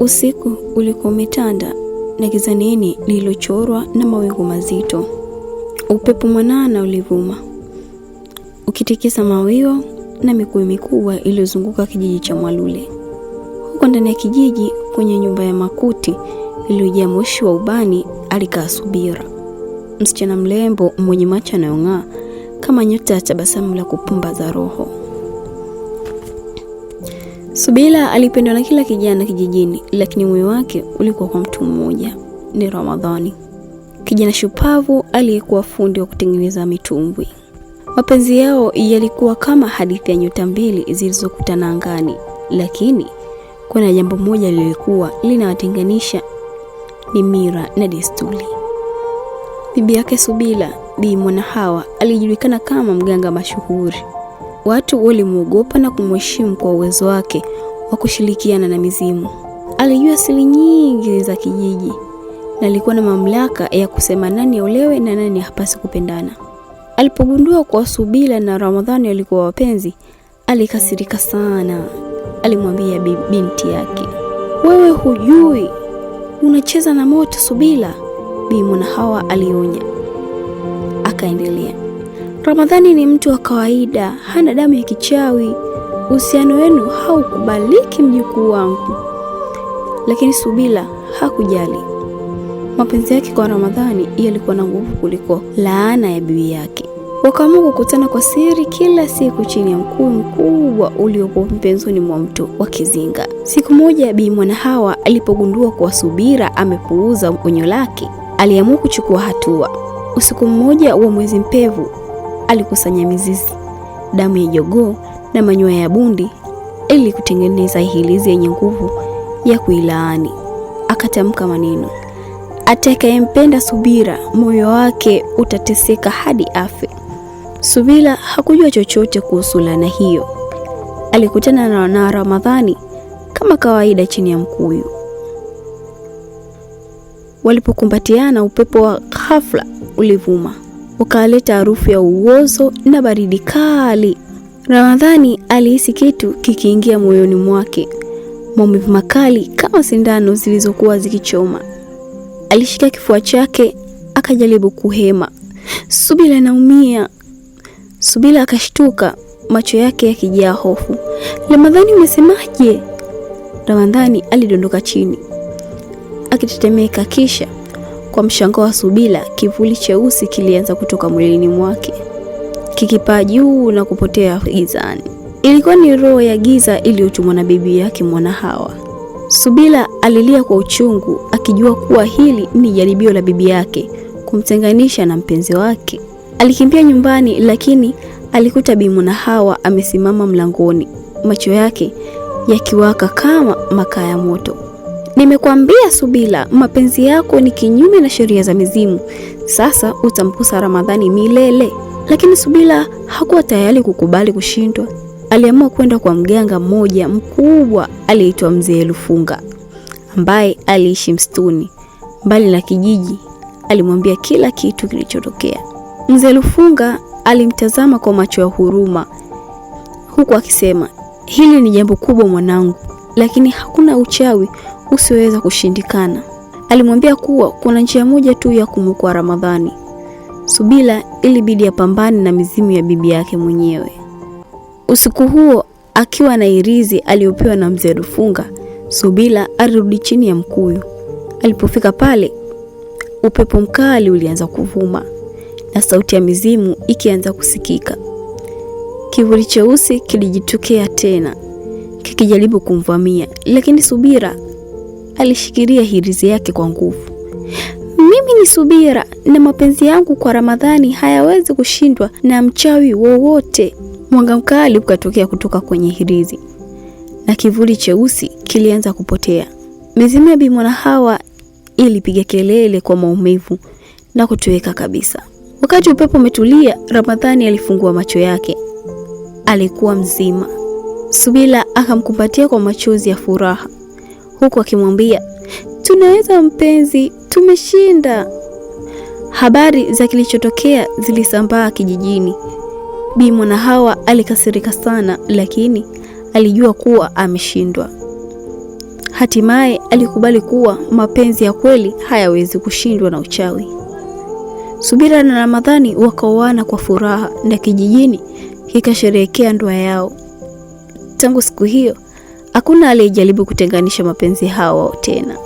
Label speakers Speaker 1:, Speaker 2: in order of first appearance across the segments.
Speaker 1: Usiku ulikuwa umetanda na giza nene lililochorwa na mawingu mazito. Upepo mwanana ulivuma ukitikisa mawio na mikuyu mikubwa iliyozunguka kijiji cha Mwalule. Huko ndani ya kijiji, kwenye nyumba ya makuti iliyojaa moshi wa ubani, alikaa Subira, msichana mrembo mwenye macho yanayong'aa kama nyota ya tabasamu la kupumba za roho. Subila alipendwa na kila kijana kijijini, lakini moyo wake ulikuwa kwa mtu mmoja, ni Ramadhani, kijana shupavu aliyekuwa fundi wa kutengeneza mitumbwi. Mapenzi yao yalikuwa kama hadithi ya nyota mbili zilizokutana angani, lakini kuna jambo moja lilikuwa linawatenganisha, ni mira na desturi. Bibi yake Subila, Bi Mwanahawa, alijulikana kama mganga mashuhuri Watu walimwogopa na kumheshimu kwa uwezo wake wa kushirikiana na mizimu. Alijua siri nyingi za kijiji na alikuwa na mamlaka ya kusema nani aolewe na nani hapasi kupendana. Alipogundua kwa Subila na Ramadhani walikuwa wapenzi, alikasirika sana. Alimwambia binti yake, wewe hujui unacheza na moto, Subila. Bi hawa alionya. Akaendelea. Ramadhani ni mtu wa kawaida, hana damu ya kichawi. Uhusiano wenu haukubaliki mjukuu wangu. Lakini Subila hakujali. Mapenzi yake kwa Ramadhani yalikuwa na nguvu kuliko laana ya bibi yake. Wakaamua kukutana kwa siri kila siku chini ya mkuu mkubwa uliokuwa pembezoni mwa mto wa Kizinga. Siku moja, Bi Mwanahawa alipogundua kuwa Subira amepuuza onyo lake, aliamua kuchukua hatua. Usiku mmoja wa mwezi mpevu alikusanya mizizi, damu ya jogoo na manyoya ya bundi ili kutengeneza hilizi yenye nguvu ya kuilaani. Akatamka maneno, atakayempenda Subira moyo wake utateseka hadi afe. Subira hakujua chochote kuhusu laana hiyo. Alikutana na Ramadhani kama kawaida chini ya mkuyu. Walipokumbatiana, upepo wa ghafla ulivuma ukaleta harufu ya uozo na baridi kali. Ramadhani alihisi kitu kikiingia moyoni mwake, maumivu makali kama sindano zilizokuwa zikichoma. Alishika kifua chake akajaribu kuhema. Subila naumia Subila akashtuka, macho yake yakijaa hofu. Ramadhani, umesemaje? Ramadhani alidondoka chini akitetemeka, kisha kwa mshangao wa Subila, kivuli cheusi kilianza kutoka mwilini mwake kikipaa juu na kupotea gizani. Ilikuwa ni roho ya giza iliyotumwa na bibi yake Mwana Hawa. Subila alilia kwa uchungu, akijua kuwa hili ni jaribio la bibi yake kumtenganisha na mpenzi wake. Alikimbia nyumbani, lakini alikuta Bi Mwana Hawa amesimama mlangoni, macho yake yakiwaka kama makaa ya moto. Nimekuambia Subila, mapenzi yako ni kinyume na sheria za mizimu. Sasa utamkosa Ramadhani milele. Lakini Subila hakuwa tayari kukubali kushindwa. Aliamua kwenda kwa mganga mmoja mkubwa aliyeitwa Mzee Lufunga ambaye aliishi msituni mbali na kijiji. Alimwambia kila kitu kilichotokea. Mzee Lufunga alimtazama kwa macho ya huruma, huku akisema, hili ni jambo kubwa mwanangu, lakini hakuna uchawi usioweza kushindikana. Alimwambia kuwa kuna njia moja tu ya kumwokoa Ramadhani. Subila ilibidi apambane na mizimu ya bibi yake mwenyewe. Usiku huo akiwa na irizi aliyopewa na mzee Rufunga, Subila alirudi chini ya mkuyu. Alipofika pale, upepo mkali ulianza kuvuma na sauti ya mizimu ikianza kusikika. Kivuli cheusi kilijitokea tena kikijaribu kumvamia, lakini Subira Alishikilia hirizi yake kwa nguvu. Mimi ni Subira na mapenzi yangu kwa Ramadhani hayawezi kushindwa na mchawi wowote. Mwanga mkali ukatokea kutoka kwenye hirizi na kivuli cheusi kilianza kupotea. Mizimu ya Bi Hawa ilipiga kelele kwa maumivu na kutoweka kabisa. Wakati upepo umetulia, Ramadhani alifungua macho yake. Alikuwa mzima. Subira akamkumbatia kwa machozi ya furaha huku akimwambia tunaweza mpenzi, tumeshinda. Habari za kilichotokea zilisambaa kijijini. Bi Mwanahawa alikasirika sana, lakini alijua kuwa ameshindwa. Hatimaye alikubali kuwa mapenzi ya kweli hayawezi kushindwa na uchawi. Subira na Ramadhani wakaoana kwa furaha na kijijini kikasherehekea ndoa yao. Tangu siku hiyo Hakuna aliyejaribu kutenganisha mapenzi hawa tena.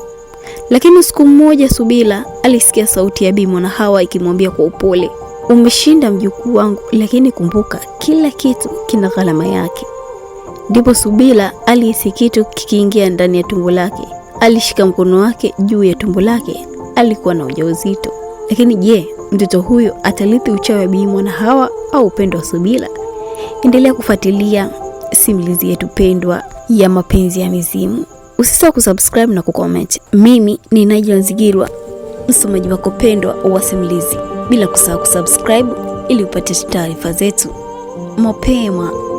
Speaker 1: Lakini usiku mmoja, Subila alisikia sauti ya Bi hawa ikimwambia kwa upole, umeshinda mjukuu wangu, lakini kumbuka kila kitu kina gharama yake. Ndipo Subila alihisi kitu kikiingia ndani ya tumbo lake. Alishika mkono wake juu ya tumbo lake. Alikuwa na ujauzito, lakini je, mtoto huyo atalithi uchawi wa Bi hawa au upendo wa Subila? Endelea kufuatilia simulizi yetu pendwa ya mapenzi ya mizimu. Usisahau kusubscribe na kucomment. Mimi ni Naija Nzigirwa, msomaji wako pendwa wa simulizi, bila kusahau kusubscribe ili upate taarifa zetu mapema.